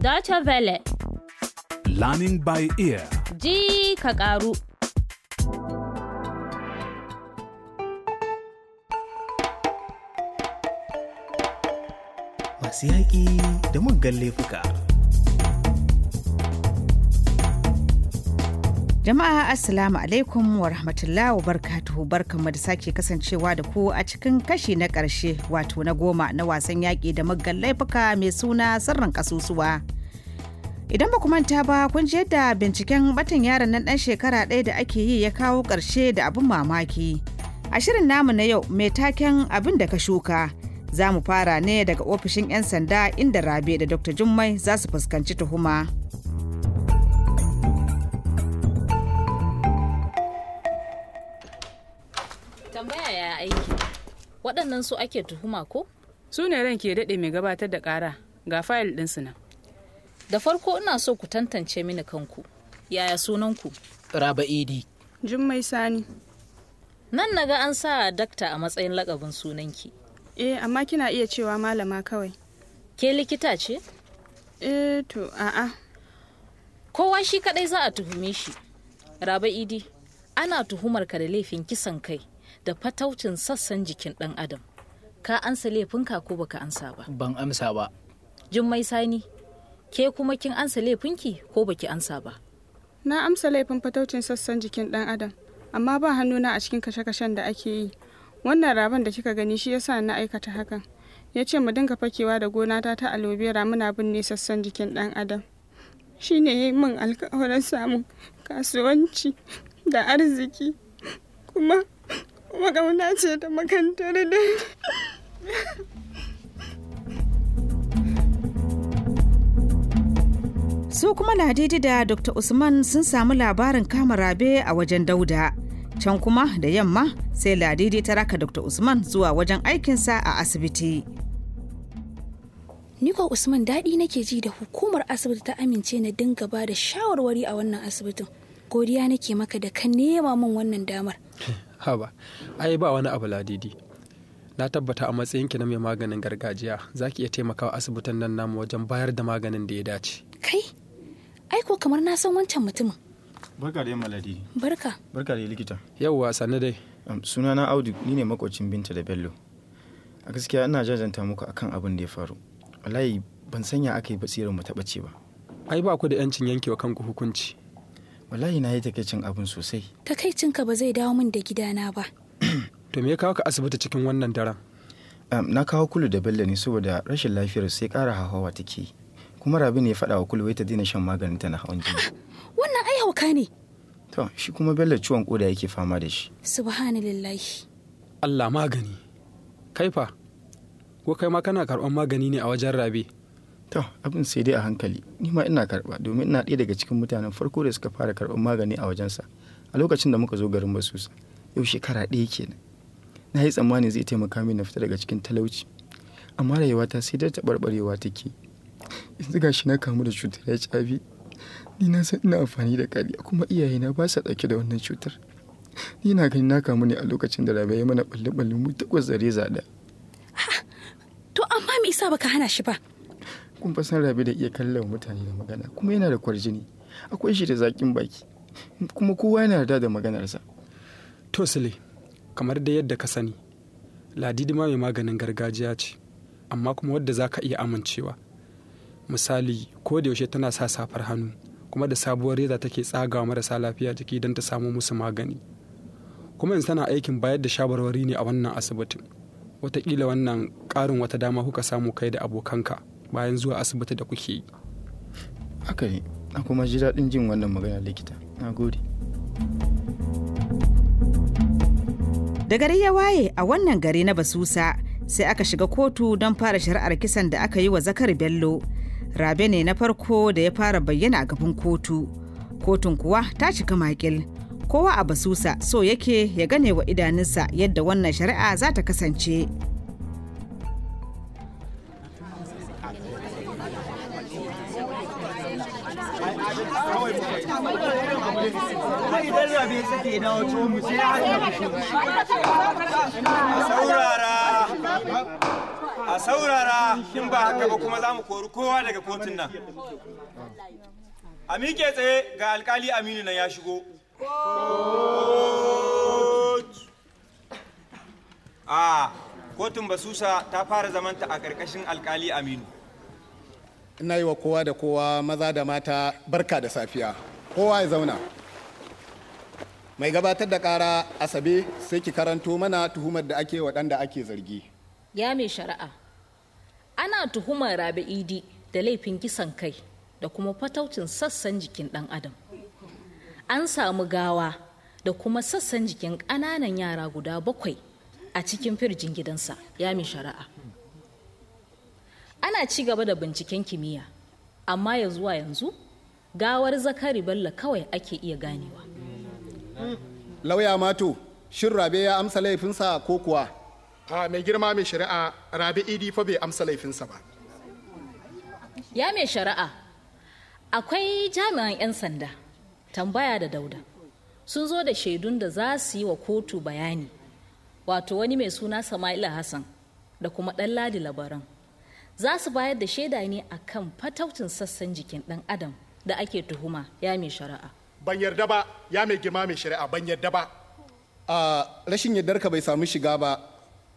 Deutsche Welle. Learning by ear. Ji ka karu. Masu yaƙi da muggan laifuka. Jama'a Assalamu alaikum wa rahmatullahi wa barkatuhu barkanmu da sake kasancewa da ku a cikin kashi na ƙarshe wato na goma na wasan yaƙi da muggan laifuka mai suna sirrin ƙasusuwa. Idan ba ku manta ba kun ji yadda binciken batun yaron nan ɗan shekara ɗaya da ake yi ya kawo ƙarshe da abin mamaki. A shirin namu na yau mai taken abin da ka shuka za mu fara ne daga ofishin 'yan sanda inda Rabe da Dr. Jummai za su fuskanci tuhuma. waɗannan su ake tuhuma ko su ne ran ke daɗe mai gabatar da ƙara ga fayil ɗinsu nan da farko ina so ku tantance mini kanku yaya sunanku raba idi jummai sani nan naga an sa dakta a matsayin lakabin sunanki eh amma kina iya cewa malama kawai ke likita ce eh to a'a kowa shi kadai za a tuhume shi raba idi ana tuhumar ka da laifin kisan kai da fataucin sassan jikin ɗan adam ka ansa laifinka ko baka ansa ba ban amsa ba jummai sani ke kuma kin ansa laifinki ko baki ansa ba na amsa laifin fataucin sassan jikin ɗan adam amma ba hannuna a cikin kashe-kashen da ake yi wannan raban da kika gani shi yasa na aikata hakan ya ce mu dinga fakewa da gona ta ta alobera muna binne sassan jikin ɗan adam shine ya yi min alkawarin samun kasuwanci da arziki kuma kuma ce ta makantar da su kuma ladidi da dr usman sun samu labarin kama rabe a wajen dauda can kuma da yamma sai ladidi ta raka dr usman zuwa wajen aikinsa a asibiti niko usman daɗi nake ji da hukumar asibiti ta amince na dinga ba da shawarwari a wannan asibitin godiya nake maka da ka nema min wannan damar haba ai ba wani abu ladidi na tabbata a matsayin ki na mai maganin gargajiya za ki iya taimakawa asibitin nan namu wajen bayar da maganin da ya dace kai ai ko kamar na san wancan mutumin barka da yamma ladidi barka barka da likita yauwa sannu dai suna na audu ni ne makocin binta da bello a gaskiya ina jajanta muku akan abin da ya faru wallahi ban sanya aka yi basirin mu taɓa ce ba ai ba ku da yancin yankewa kanku hukunci wallahi na yi takaicin abin sosai ka ba zai dawo min da gidana ba to me ya kawo ka asibiti cikin wannan daren na kawo kulu da bello ne saboda rashin lafiyar sai ƙara hawa take kuma rabi ne ya faɗa wa kulu wai ta daina shan maganin ta na hawan jini wannan ai hauka ne to shi kuma bello ciwon koda yake fama da shi subhanallahi Allah magani kai fa ko kai ma kana karɓan magani ne a wajen rabi to abin sai dai a hankali ni ma ina karba domin ina ɗaya daga cikin mutanen farko da suka fara karɓar magani a wajensa a lokacin da muka zo garin basusa yau shekara ɗaya kenan na yi tsammani zai taimaka min na fita daga cikin talauci amma rayuwata sai dai taɓarɓarewa take yanzu gashi na kamu da cutar HIV ni na san ina amfani da kariya kuma iyayena ba sa ɗauke da wannan cutar ni na gani na kamu ne a lokacin da rabe ya mana ɓalle-ɓalle mu takwas zare zaɗa. to amma me yasa baka hana shi ba kun fa san rabi da iya kallon mutane da magana kuma yana da kwarjini akwai shi da zaƙin baki kuma kowa yana da da maganarsa to sile kamar da yadda ka sani ladidi ma mai maganin gargajiya ce amma kuma wadda za ka iya amincewa misali ko da yaushe tana sa safar hannu kuma da sabuwar reza take tsagawa marasa lafiya jiki don ta samu musu magani kuma yanzu tana aikin bayar da shawarwari ne a wannan asibitin watakila wannan ƙarin wata dama kuka samu kai da abokanka bayan zuwa asibiti da kuke yi haka ne na kuma ji daɗin jin wannan magana likita na gode da gari ya waye a wannan gari na basusa sai aka shiga kotu don fara shari'ar kisan da aka yi wa zakar bello rabe ne na farko da ya fara bayyana a gaban kotu kotun kuwa ta cika makil kowa a basusa so yake ya gane wa idanunsa yadda wannan shari'a za ta kasance saurara a saurara in ba haka ba kuma za mu kori kowa daga kotun nan a miƙe tsaye ga alkali aminu nan ya shigo a ah, kotun basusa ta fara zamanta a ƙarƙashin alkali aminu ina yi wa kowa da kowa maza da mata barka da safiya kowa ya zauna mai gabatar da kara asabe sai ki karanto mana tuhumar da ake waɗanda ake zargi ya mai shari'a ana tuhumar rabi idi da laifin kisan kai da kuma fataucin sassan jikin ɗan adam an samu gawa da kuma sassan jikin ƙananan yara guda bakwai a cikin firjin gidansa ya mai shari'a ana ci gaba da binciken kimiyya amma ya zuwa yanzu gawar zakari bello kawai ake iya ganewa lauya mato shin rabe ya amsa laifinsa ko kuwa a mai girma mai shari'a rabe idi fa bai amsa laifinsa ba ya mai shari'a akwai jami'an 'yan sanda tambaya da dauda sun zo da shaidun da za su yi wa kotu bayani wato wani mai suna sama'ila hassan da kuma ɗan ladi labaran za su bayar da shaida ne a kan fataucin sassan jikin ɗan adam da ake tuhuma ya mai shari'a ban yarda ba ya mai gima mai shari'a ban yarda ba rashin yardar ka bai samu shiga ba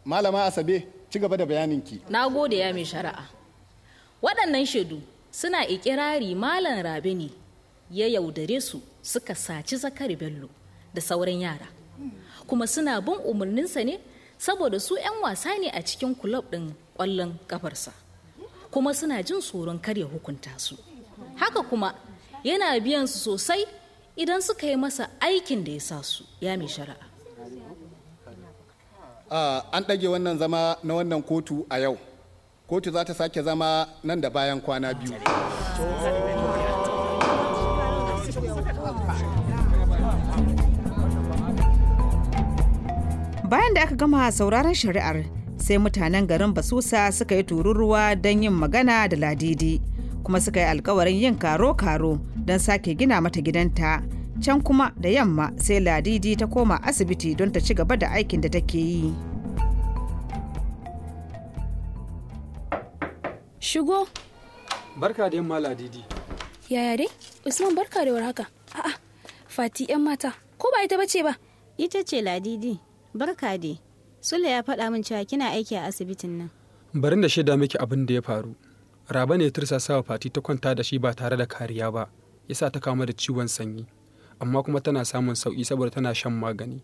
malama asabe ci gaba da bayaninki na gode ya mai shari'a waɗannan shaidu suna ikirari malam rabe ne ya yaudare su suka saci zakari bello da sauran yara kuma suna bin umarninsa ne saboda su 'yan wasa ne a cikin kulob ɗin ƙwallon kafarsa. kuma suna jin tsoron karya hukunta su haka kuma yana biyan su sosai idan suka yi masa aikin da ya sa su ya mai shari'a an ɗage wannan zama na wannan kotu a yau kotu za ta sake zama nan da bayan kwana biyu bayan da aka gama sauraron shari'ar sai mutanen garin basusa suka yi tururuwa don yin magana da ladidi kuma suka yi alkawarin yin karo-karo don sake gina mata gidanta can kuma da yamma sai ladidi ta koma asibiti don ta ci gaba da aikin da take yi shigo barka da yamma ladidi yaya dai usman barka da warhaka a'a fati yan mata ko ba ita ce ba ita ce ladidi barka dai Sule ya faɗa min cewa kina aiki a asibitin nan. Barin da shaida miki abin da ya faru. Raba ne tursa sawa fati ta kwanta da shi ba tare da kariya ba, yasa ta kama da ciwon sanyi. Amma kuma tana samun sauƙi saboda tana shan magani.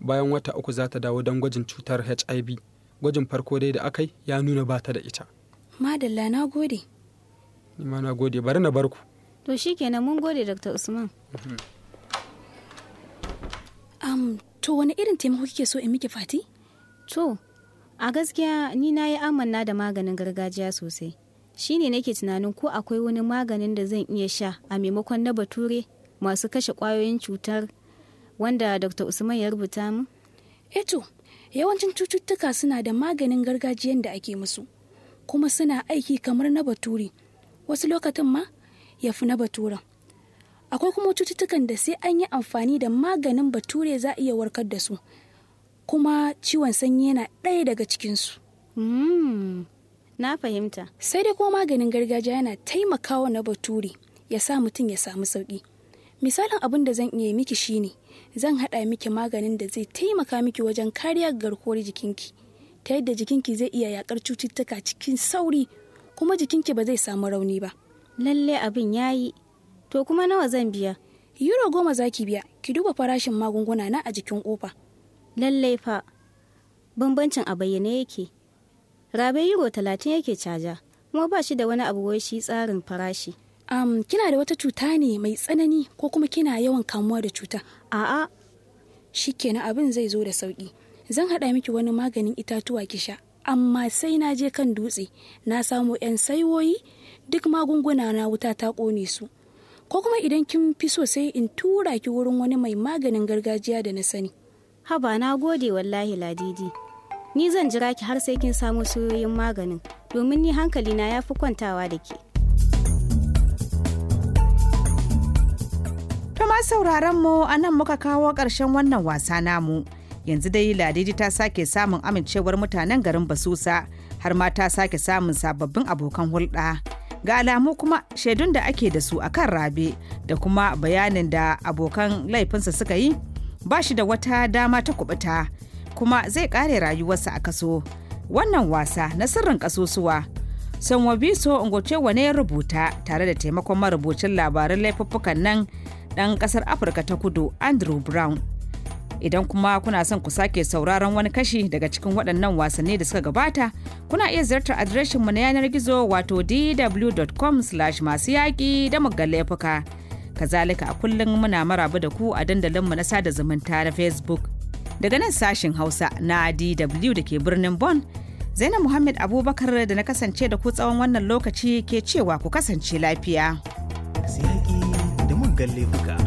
Bayan wata uku za ta dawo don gwajin cutar HIV. Gwajin farko dai da akai ya nuna ba ta da ita. Madalla na gode. Ni na gode, bari na barku. To shi kenan mun gode Dr. Usman. Mhm. to wani irin taimako kike so in miki fati? To, a gaskiya ni na yi amanna da maganin gargajiya sosai. Shi ne nake tunanin ko akwai wani maganin da zan iya sha a maimakon na bature masu kashe ƙwayoyin cutar wanda Dr. Usman ya rubuta mu? Eto, eh yawancin cututtuka suna da maganin gargajiyan da ake musu, kuma suna aiki kamar na bature. Wasu lokacin ma ya fi na baturen. Akwai kuma cututtukan da sai an yi amfani da maganin bature za a iya warkar da su. kuma ciwon sanyi yana ɗaya daga cikinsu. Mm, na fahimta. Sai dai kuma maganin gargajiya yana taimakawa na baturi ya sa mutum ya samu sauƙi. Misalin abin da zan iya miki shine zan haɗa miki maganin da zai taimaka miki wajen kariyar garkuwar jikinki ta yadda jikinki zai iya yaƙar cututtuka cikin sauri kuma jikinki ba zai samu rauni ba. Lalle abin ya yi. To kuma nawa zan biya? yuro goma zaki biya, ki duba farashin magunguna na a jikin kofa. lallai fa bambancin a bayyane yake rabe euro talatin yake caja kuma ba shi da wani abu wai shi tsarin farashi um, kina da wata cuta ne mai tsanani ko kuma kina yawan kamuwa da cuta a'a shi kenan abin zai zo da sauki zan haɗa miki wani maganin itatuwa ki sha amma sai na je kan dutse na samo 'yan saiwoyi duk magunguna na wuta ta ƙone su ko kuma idan kin fi so sai in tura ki wurin wani mai maganin gargajiya da na sani haba na gode wallahi ladidi ni zan jira ki har sai kin samu suyoyin maganin domin ni na ya fi kwantawa da ke Tuma sauraron mu a nan muka kawo ƙarshen wannan wasa namu yanzu dai ladidi ta sake samun amincewar mutanen garin basusa har ma ta sake samun sababbin abokan hulɗa ga alamu kuma shaidun da ake da su akan rabe da kuma bayanin da abokan laifinsa suka yi ba shi da wata dama ta kubuta kuma zai kare rayuwarsa a kaso wannan wasa na sirrin kasusuwa sanwa biso ne rubuta tare da taimakon marubucin labaran laifuffukan nan ɗan ƙasar afirka ta kudu andrew brown idan kuma kuna son ku sake sauraron wani kashi daga cikin waɗannan wasanni da suka gabata kuna iya ziyartar adireshinmu na yanar gizo wato dw.com masu yaƙi da muggan laifuka. Kazalika a kullum muna maraba da ku a dandalinmu na sada zumunta na Facebook. Daga nan sashen Hausa na DW da ke birnin Bonn, Zainab Muhammad Abubakar da na kasance da ku tsawon wannan lokaci ke cewa ku kasance lafiya. Siyaki da